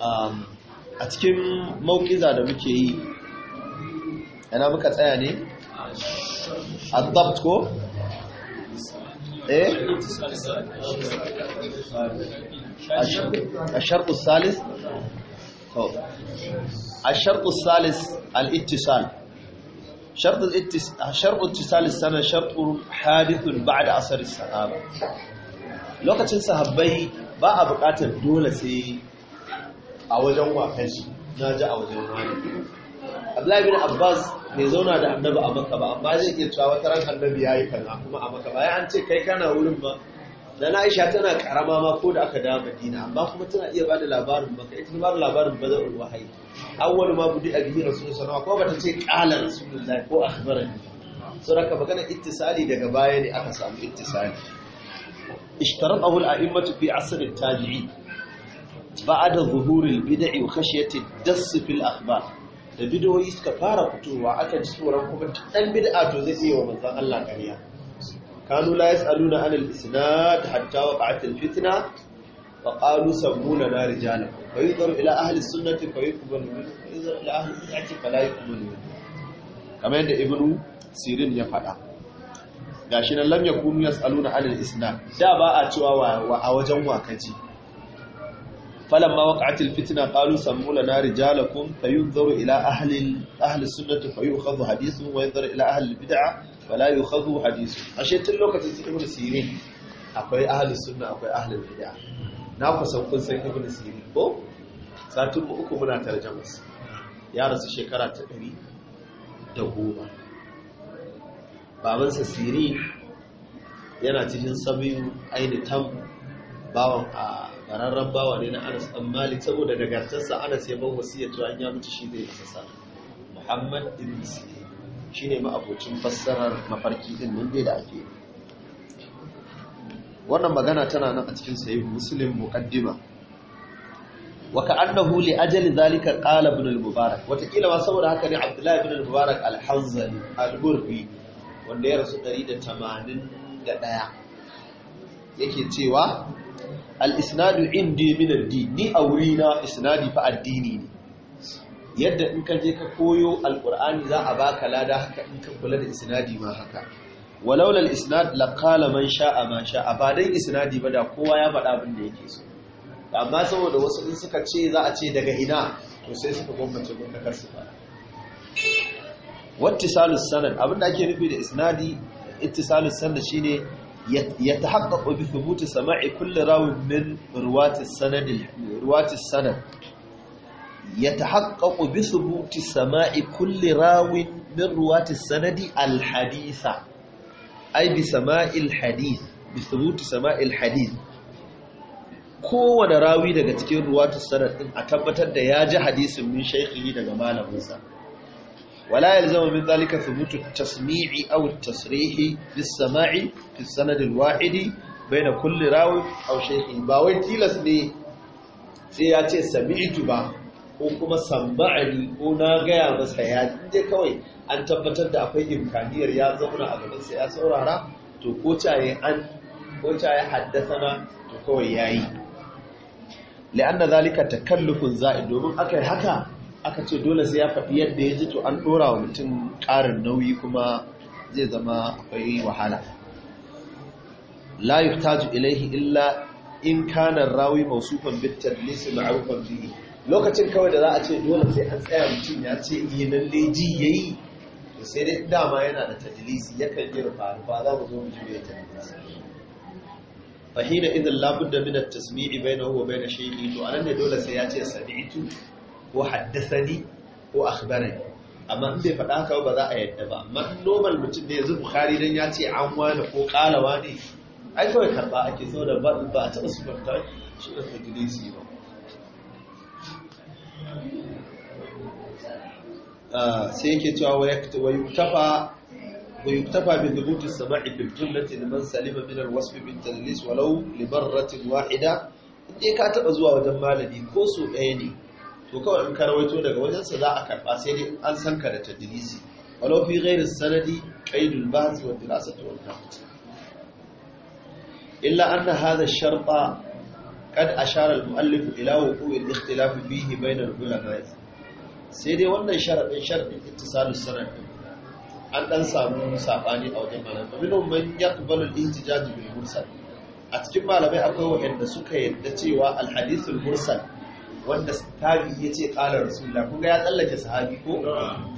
Um, a cikin mawkiza da muke yi yana muka tsaya ne ko? A eh? asharku salis al'ittisal asharku salis sana sharku hadithun ba da asarar asarisa lokacin sahabbai ba a bukatar dole sai a wajen wakanshi na ji a wajen wani Abdullahi bin Abbas bai zauna da annabi a maka ba amma zai iya cewa wata ran annabi ya yi kaza kuma a maka Ya an ce kai kana wurin ba na Aisha tana karama ma ko da aka dawo Madina amma kuma tana iya bada labarin maka ita ba labarin bazarul wahayi awwal ma budi abihi rasulullahi sallallahu alaihi wasallam ko bata ce qala rasulullahi ko akhbarani saraka magana ittisali daga baya ne aka samu ittisali ishtarahu al-a'immatu fi asr ta tabiin بعد ظهور البدع وخشيه الدس في الاخبار akhbar da bidoyi suka fara fitowa aka ji tsoron kuma dan bid'a to zai yi wa manzon Allah kariya kanu la yasaluna al isnad hatta waqa'at al fitna wa qalu sabuna na rijala fa yudhar ila ahli sunnati fa yuqbalu ila ahli bid'ati fala yuqbalu kamar yadda ibnu sirin ya faɗa gashi nan lam yakunu yasaluna al isnad da ba a cewa a wajen wakaji فلما وقعت الفتنة قالوا سموا لنا رجالكم فينظر إلى أهل أهل السنة فيؤخذ حديثه وينظر إلى أهل البدعة فلا يؤخذ حديثه أشياء تلوك تسير ابن سيرين أقوي أهل السنة أقوي أهل البدعة ناقو سوكن سيد ابن سيرين بو ساتم أكو منا ترجمس يا رسي شكرا تدري دهوما بابنس سيرين yana cikin sabiyu ainihin tam bawan a ƙararren bawa ne na Anas ɗan Malik saboda nagartarsa Anas ya bar wasiya cewa an ya mutu shi zai isa sa Muhammad ibn Sirin shine ma'abocin fassarar mafarki din nan dai da ake wannan magana tana nan a cikin sahih Muslim muqaddima wa ka'annahu li ajali zalika qala ibn al-Mubarak Watakila ma saboda haka ne Abdullah ibn al-Mubarak al-Hanzali al-Burbi wanda ya rasu 181 yake cewa al-isnadu indi min ni a wuri na isnadi fa addini ne yadda in ka je ka koyo alkur'ani za a baka lada haka in ka kula da isnadi ma haka walaulal isnad laƙala man sha'a ma sha'a ba don isnadi ba da kowa ya faɗa abin da yake so amma saboda wasu in suka ce za a ce daga ina to sai suka gwammace gwamna kar su wattisalus sanad abin da ake nufi da isnadi ittisalus sanad shine يتحقق بثبوت سماع كل راو من رواة السند رواة السند يتحقق بثبوت سماع كل راو من رواة السند الحديث أي بسماع الحديث بثبوت سماع الحديث kowane rawi daga cikin ruwatu sanad din a tabbatar da ya ji hadisin min shaikhi daga malaminsa ولا يلزم من ذلك ثبوت التسميع أو التصريح بالسماع في السند الواحد بين كل راو أو شيخ باوي تيلس ne sai ya ce sami'tu ba ko kuma samma'ani ko na gaya masa ya je kawai an tabbatar da akwai imkaniyar ya zauna a gaban sa ya saurara to ko caye an ko caye haddasana to kawai yayi la'anna zalika takallufun za'id domin akai haka aka ce dole sai ya faɗi yadda ya ji to an ɗora wa mutum ƙarin nauyi kuma zai zama akwai wahala ta ji ilaihi illa in kanar rawi mausufan na ma'rufan jini lokacin kawai da za a ce dole sai an tsaya mutum ya ce iya nan leji ji yi. to sai dai dama yana da ya kan yi rufa ba za mu zo mu ji mai tajilisi fahina idan labudda min bai tasmii huwa bai na shay'i to anan ne dole sai ya ce sami'tu ko haddasani ko akhbarani amma in bai faɗa ka ba za a yadda ba amma normal mutum da yanzu Bukhari dan ya ce an wani ko kalawa ne ai kawai karɓa ake so da ba a taɓa su farta su da fagilin su yi ba ah, sai yake cewa wa yi tafa bin rubutun sama'i bin tunnati da man salima min alwasu bin talis walau libarratin wahida in ka taɓa zuwa wajen malami ko so ɗaya ne to kawai in karwaito daga wajensa za a karɓa sai dai an san ka da tadrisi walau fi ghairi sanadi qaidul bahth wa dirasatu wa nahw illa anna hadha sharta qad ashara al-mu'allif ila wuqu'i al-ikhtilaf fihi bayna al-ulama sai dai wannan sharadin sharadin ittisalus sanad an dan samu sabani a wajen malamai bin man yaqbalu al-intijaj bil mursal a cikin malamai akwai wanda suka yadda cewa al-hadithul mursal wanda sahabi ya ce ƙalar rasulullah kun ga ya tsallake sahabi ko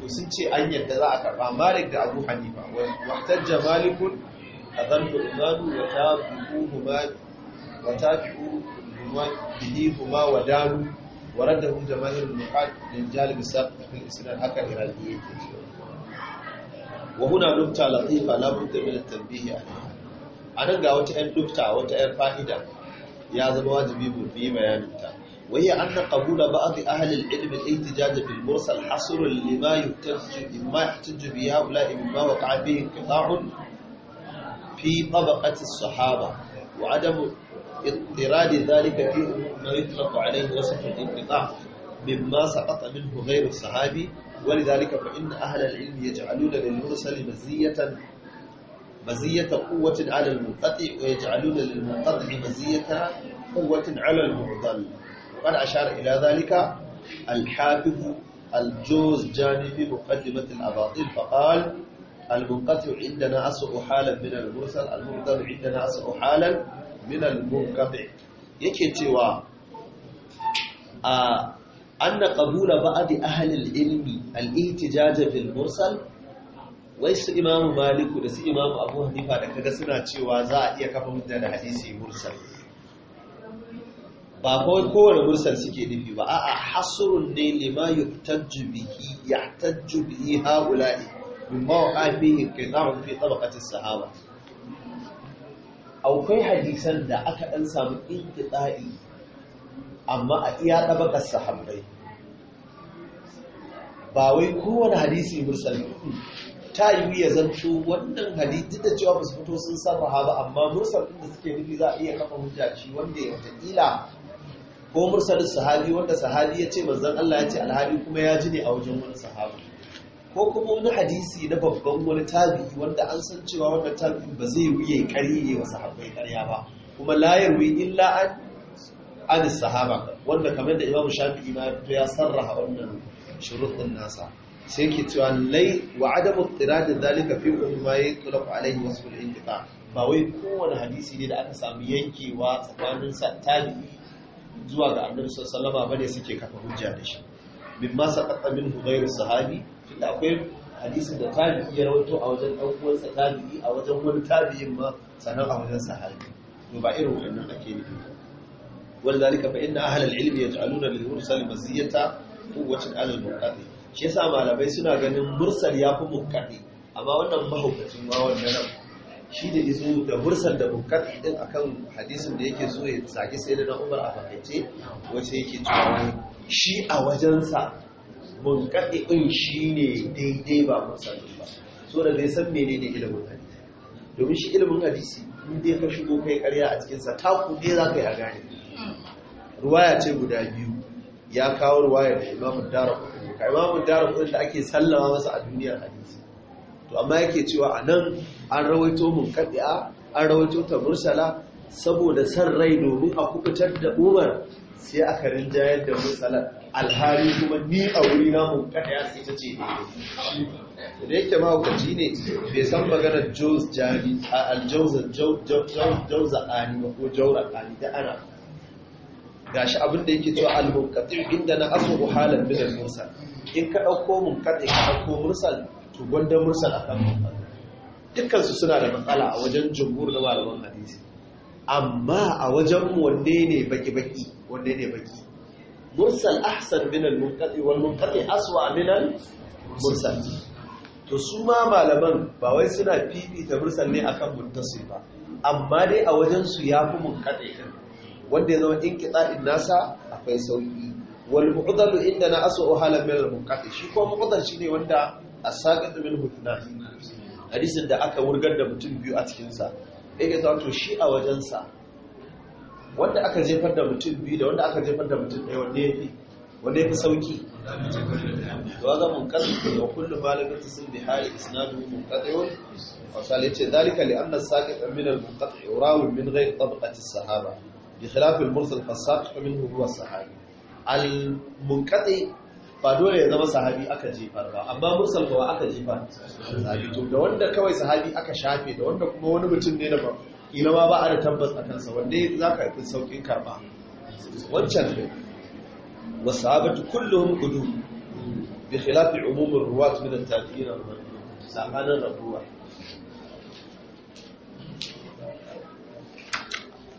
to sun ce an yadda za a karɓa malik da abu hanifa wa tajja malikun a zarfi umaru wa ta buhuma wa ta buhuma bihi huma wa dalu wa raddahum jama'ir al-muqad min jalib as-saq fil islam haka iraki yake cewa wa huna nukta latifa la budda min at-tanbih alayha anan ga wata 'yan nukta wata 'yan fa'ida ya zama wajibi mu bi bayanin ta وهي أن قبول بعض أهل العلم الاحتجاج بالمرسل حصر لما يحتج مما يحتج بهؤلاء مما وقع به انقطاع في طبقة الصحابة وعدم اضطراد ذلك في ما يطلق عليه وصف الانقطاع مما سقط منه غير الصحابي ولذلك فإن أهل العلم يجعلون للمرسل مزية مزية قوة على المنقطع ويجعلون للمنقطع مزية قوة على المعضل وقد أشار إلى ذلك الحافظ الجوز جاني في مقدمة الأباطيل فقال المنقطع عندنا أسوء حالا من المرسل المنقطع عندنا أسوء حالا من المنقطع يكتوى آه، أن قبول بعض أهل العلم الاحتجاج في المرسل ويس إمام مالك ويس إمام أبو هنفا لك قسنا تيوى زائية كفا مدنى حديثي مرسل ba ko kowane mursal suke nufi ba a'a hasrun ne lima yuhtajju bihi yahtajju bihi haula'i mimma waqa fihi qina'un fi tabaqati sahaba akwai hadisan da aka dan samu intida'i amma a iya tabaqar sahabbai ba wai kowane hadisi mursal ta yiwu ya zanto wannan hadisi da cewa ba su fito sun sarrafa ba amma mursal din da suke nufi za a iya kafa hujja wanda ya wataƙila ko mursalin sahabi wanda sahabi ya ce manzon Allah ya ce alhali kuma ya ji ne a wajen wani sahabi ko kuma wani hadisi na babban wani tabi'i wanda an san cewa wanda tabi ba zai wuye ƙarye wa sahabbai karya ba kuma la yarwi illa an an sahaba wanda kamar da Imam Shafi'i ma ya sarraha wannan shuruɗin nasa sai ke cewa lai wa adamu tirad zalika fi umma yutlaq alaihi wasful ba wai kowane hadisi ne da aka samu yankewa tsakanin sa tabi'i zuwa ga annabi sallama bane suke kafa hujja da shi bin ma saqata min hudayr sahabi tunda akwai hadisi da tabi'i ya rawaito a wajen dan uwansa tabi'i a wajen wani tabi'in ma sanan a wajen sahabi to ba irin wannan ake nufi zalika fa inna ahlal ilmi yaj'aluna lil mursal maziyata quwwatan ala al shi yasa malamai suna ganin mursal yafi muqaddi amma wannan mahaukacin ma wannan shi da izu da mursal da bukat din akan hadisin da yake so ya sai da Umar a fahimce wace yake cewa shi a wajensa bukat din shine daidai ba mursal ba so da zai san ne ilimin hadisi domin shi ilimin hadisi in dai ka shigo kai karya a cikinsa, ta ku dai za ka yi a gane ruwaya ce guda biyu ya kawo ruwaya da Imam Darqutni Imam Kudu da ake sallama masa a duniyar hadisi to amma yake cewa a nan an rawaito mun munkaɗi'a an rawaito ta mursala saboda san rai domin a kubutar da umar sai aka rinjayar da mursala alhari kuma ni a wuri na mun sai ta ce da yake mawukaci ne bai san maganar jauz jari a aljauzan jauza'ani ba ko jaura'ani da ana gashi abin da yake cewa al inda na asu halar min musa mursal in ka ɗauko mun munkatir ka ɗauko mursal to gwanda mursal akan su suna da matsala a wajen jumhur na malaman hadisi amma a wajen wanne ne baki-baki wanne ne baki mursal ahsan min al-munqati wal munqati aswa min al-mursal to su ma malaman ba wai suna ta mursal ne akan muttasil ba amma dai a wajen su yafi munqati kan wanda ya zama inqita'in nasa akwai sauki wal mu'dalu inda na aswa halan min al-munqati shi ko shi ne wanda A saqit min hutna hadisin da aka wurgar da mutum biyu a cikinsa yake ta wato shi a wajensa wanda aka jefar da mutum biyu da wanda aka jefar da mutum ɗaya wanda ya fi wanda ya fi sauki to ga mun kasu da kullu balagati sun bi hali isnadu munqati'un wa salace dalika li anna as-saqit min al-munqati' rawi min ghayr tabaqati as-sahaba bi khilaf al-mursal fa as-saqit minhu huwa sahabi al-munqati' ba dole ya zama sahabi aka jefar ba amma mursal kuwa aka jefa sahabi to da wanda kawai sahabi aka shafe da wanda kuma wani mutum ne na ba kila ma ba a da tabbas a kansa wanda za ka yi sauƙin karɓa wancan ne wa sahabatu kulluhum qudu bi khilafi umumur ruwat min at-tabi'in wa sahabanan rabuwa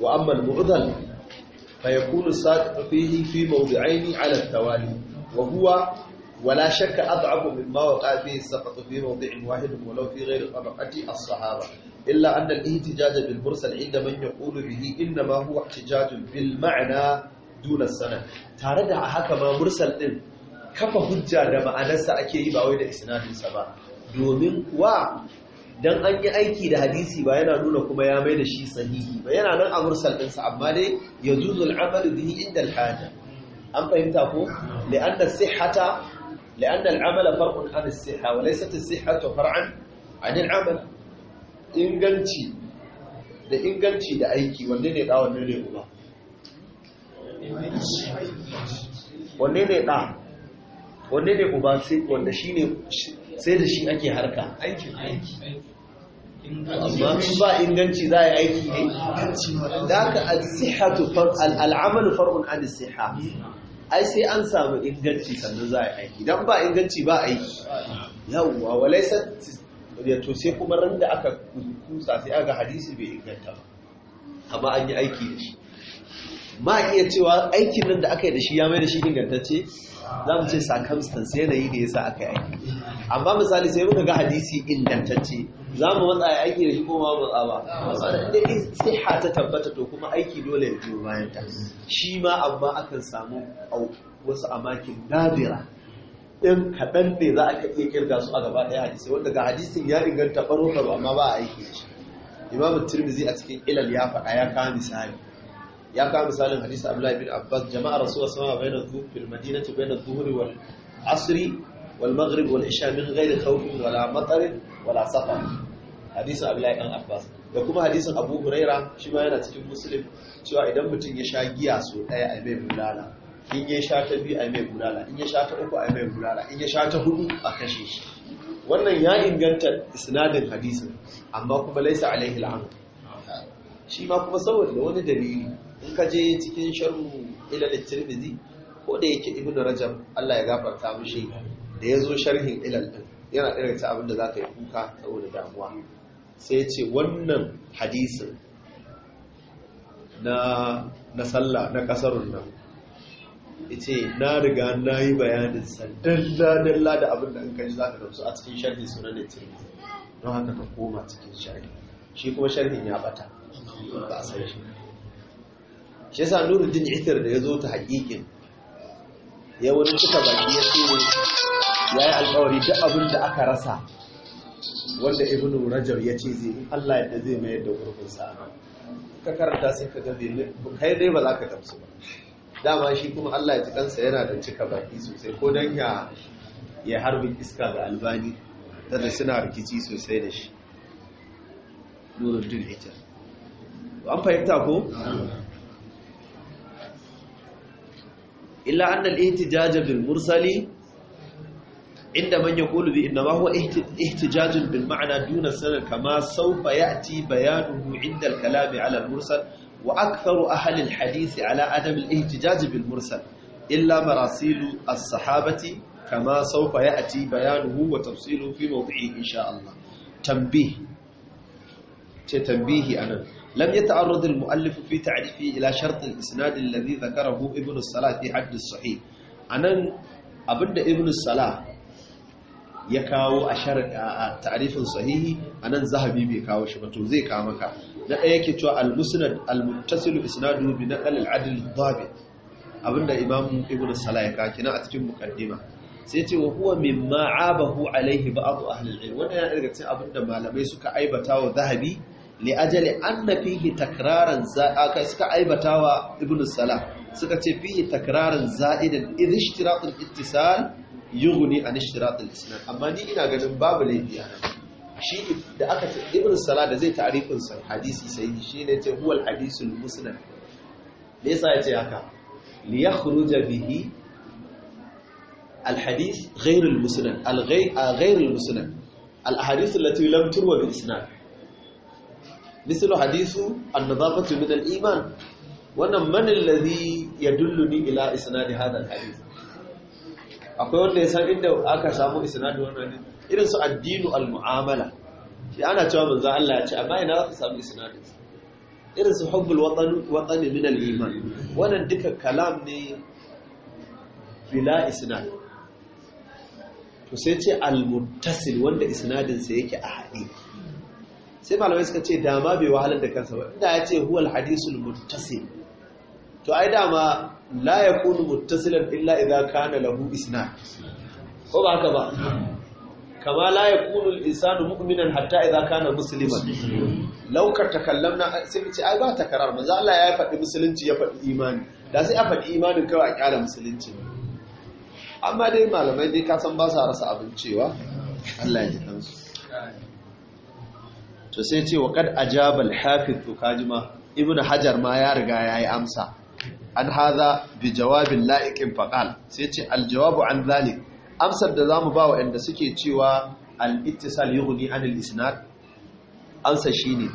wa amma al-mu'dhal fa yakunu saqatu fihi fi mawdi'aini 'ala at-tawali Wahuwa wala shakka ad'afu mimma waqa fi saqatu fi mawdi'in wahid wa law fi ghayri tabaqati as-sahaba illa anna al-ihtijaj bil mursal 'inda man yaqulu bihi inma huwa ihtijaj bil ma'na sanad tare da a haka ma mursal ɗin kafa hujja da ma'anarsa ake yi ba wai da isnadinsa ba domin kuwa dan an yi aiki da hadisi ba yana nuna kuma ya mai da shi sahihi ba yana nan a mursal ɗinsa amma dai ya zuzul amalu bihi inda alhaja an fahimta ko li'anna sihhata li'anna al'amala farqun an as-sihha wa laysat as-sihhatu far'an an al'amal inganci da inganci da aiki wanne ne da wanne ne uba wanne ne da wanne ne uba sai wanda shine sai da shi ake harka aiki aiki amma in ba inganci za a yi aiki ne da haka al-sihhatu al'amalu far'un an as-sihha ai sai an samu inganci sannan za a yi aiki idan ba inganci ba aiki yawwa walai ya sai kuma ran da aka kusa sai aga hadisi bai inganta ba amma an yi aiki da shi ma iya cewa aikin nan da aka yi da shi ya mai da shi ingantacce za mu ce circumstance yanayi da sa aka yi aiki amma misali sai muka ga hadisi ingantacce za mu matsa aiki da shi ko ma matsa ba matsa da sai ta tabbata to kuma aiki dole ya biyo bayan ta shi ma amma akan samu wasu amakin nadira ɗin kaɗan ne za a iya kirga su a gaba ɗaya hadisi wanda ga hadisin ya inganta ɓaro amma ba a aiki da shi imamu Turbizi a cikin ilal ya faɗa ya kawo misali ya kawo misalin hadisi Abdullahi bin Abbas jama'a Rasulullah sallallahu alaihi wasallam fil madinati na zuhuri wal asiri wal maghrib wal isha min ghairi khawfin wala matar wala safar hadisin Abdullahi bin Abbas da kuma hadisin Abu Huraira shi ma yana cikin musulun cewa idan mutum ya sha giya so daya a mai bulala in ya sha ta biyu a mai bulala in ya sha ta uku a mai bulala in ya sha ta hudu a kashe shi wannan ya inganta isnadin hadisin amma kuma laisa alaihi al'amr shi ma kuma saboda wani dalili in ka je cikin sharhu ilal tirmidhi ko da yake ibnu rajab Allah ya gafarta mishi da ya zo sharhin ilal din yana ɗaya ta abin da za ka yi kuka saboda damuwa sai ya ce wannan hadisin na sallah na ƙasarun nan ce na riga na yi bayanin dalla-dalla da abin da an kai za ka a cikin sharhi sunan da don haka ka koma cikin sharhi shi kuma sharhin ya bata ba a shi shi yasa jin itar da ya zo ta haƙiƙin ya wani cika baki ya ce ya yi alƙawari duk abin da aka rasa wanda ibnu rajab ya ce zai Allah yadda zai mayar da gurbin sa ka karanta sai ka gaze kai dai ba za ka gamsu ba dama shi kuma Allah ya ji kansa yana da cika baki sosai ko dan ya ya harbin iska ga albani tana suna rikici sosai da shi jin itar. an fahimta ko إلا أن الاحتجاج بالمرسل عند من يقول بإنما هو احتجاج بالمعنى دون السنة كما سوف يأتي بيانه عند الكلام على المرسل وأكثر أهل الحديث على عدم الاحتجاج بالمرسل إلا مراسيل الصحابة كما سوف يأتي بيانه وتفصيله في موضعه إن شاء الله تنبيه تنبيه أنا لم يتعرض المؤلف في تعريفه ila شرط الاسناد الذي ذكره ابن الصلاه في حد الصحيح انا ابدا ابن الصلاه ya kawo a tarifin sahihi a nan zahabi bai kawo shi wato zai kawo maka na ɗaya ke cewa al-musnad al-muttasilu isnadu bi al-adl dhabit abinda imam ibn sala ya kawo kina a cikin muqaddima sai ya ce wa huwa mimma abahu alayhi ba'd ahli al-ilm wannan ya daga cikin abinda malamai suka aibata wa zahabi li ajali anna fihi takraran aka aibata wa ibn salam suka ce fihi takraran za'idan idh ishtirat al-ittisal yuguni, an ishtirat al-isnad amma ni ina ganin babu laifi a shi da aka ce ibn salam da zai ta'rifin sa sai shi ne ce huwa al-hadisul musnad yace haka li yakhruja bihi al-hadith ghayr al mislu hadisu annadafatu min al-iman wannan man allazi yadulluni ila isnad hadha al-hadith akwai wanda ya san inda aka samu isnad wannan irin su addinu al-mu'amala shi ana cewa manzo Allah ya ce amma ina za ka samu isnad irin su hubbul watan watan min al-iman wannan duka kalam ne bila isnad to sai ce al wanda isnadin sa yake a haɗe sai malamai suka ce dama bai wahalar da kansa ba inda ya ce huwal hadisul muttasil to ai dama la yakunu muttasilan illa idza kana lahu isnad ko ba haka ba kama la yakunu al-insanu mu'minan hatta idza kana musliman law ka takallamna sai mu ce ai ba takarar manzo Allah ya faɗi musulunci ya faɗi imani da sai a faɗi imanin kawai a kyala musulunci amma dai malamai dai ka san ba su rasa abin cewa Allah ya to sai ce wa kad ajabal hafiz to ibnu hajar ma ya riga yayi amsa an hadha bi jawabin la'iqin faqal sai ce al jawabu an zalik amsar da zamu ba wa inda suke cewa al ittisal yughni an al isnad amsa shine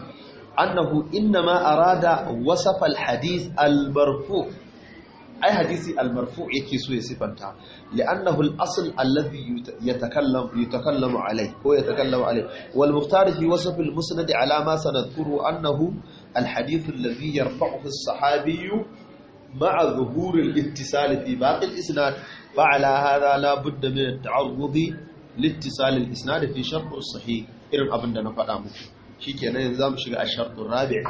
annahu inma arada wasafa al hadith al marfu اي حديث المرفوع يكي سوى سفنتا لانه الاصل الذي يتكلم يتكلم عليه هو يتكلم عليه والمختار في وصف المسند على ما سنذكره انه الحديث الذي يرفعه الصحابي مع ظهور الاتصال في باقي الاسناد فعلى هذا لا بد من التعرض لاتصال الاسناد في شرط الصحيح إلى ابن دنا فدا مكي شيكنا يانزو مشي الشرط الرابع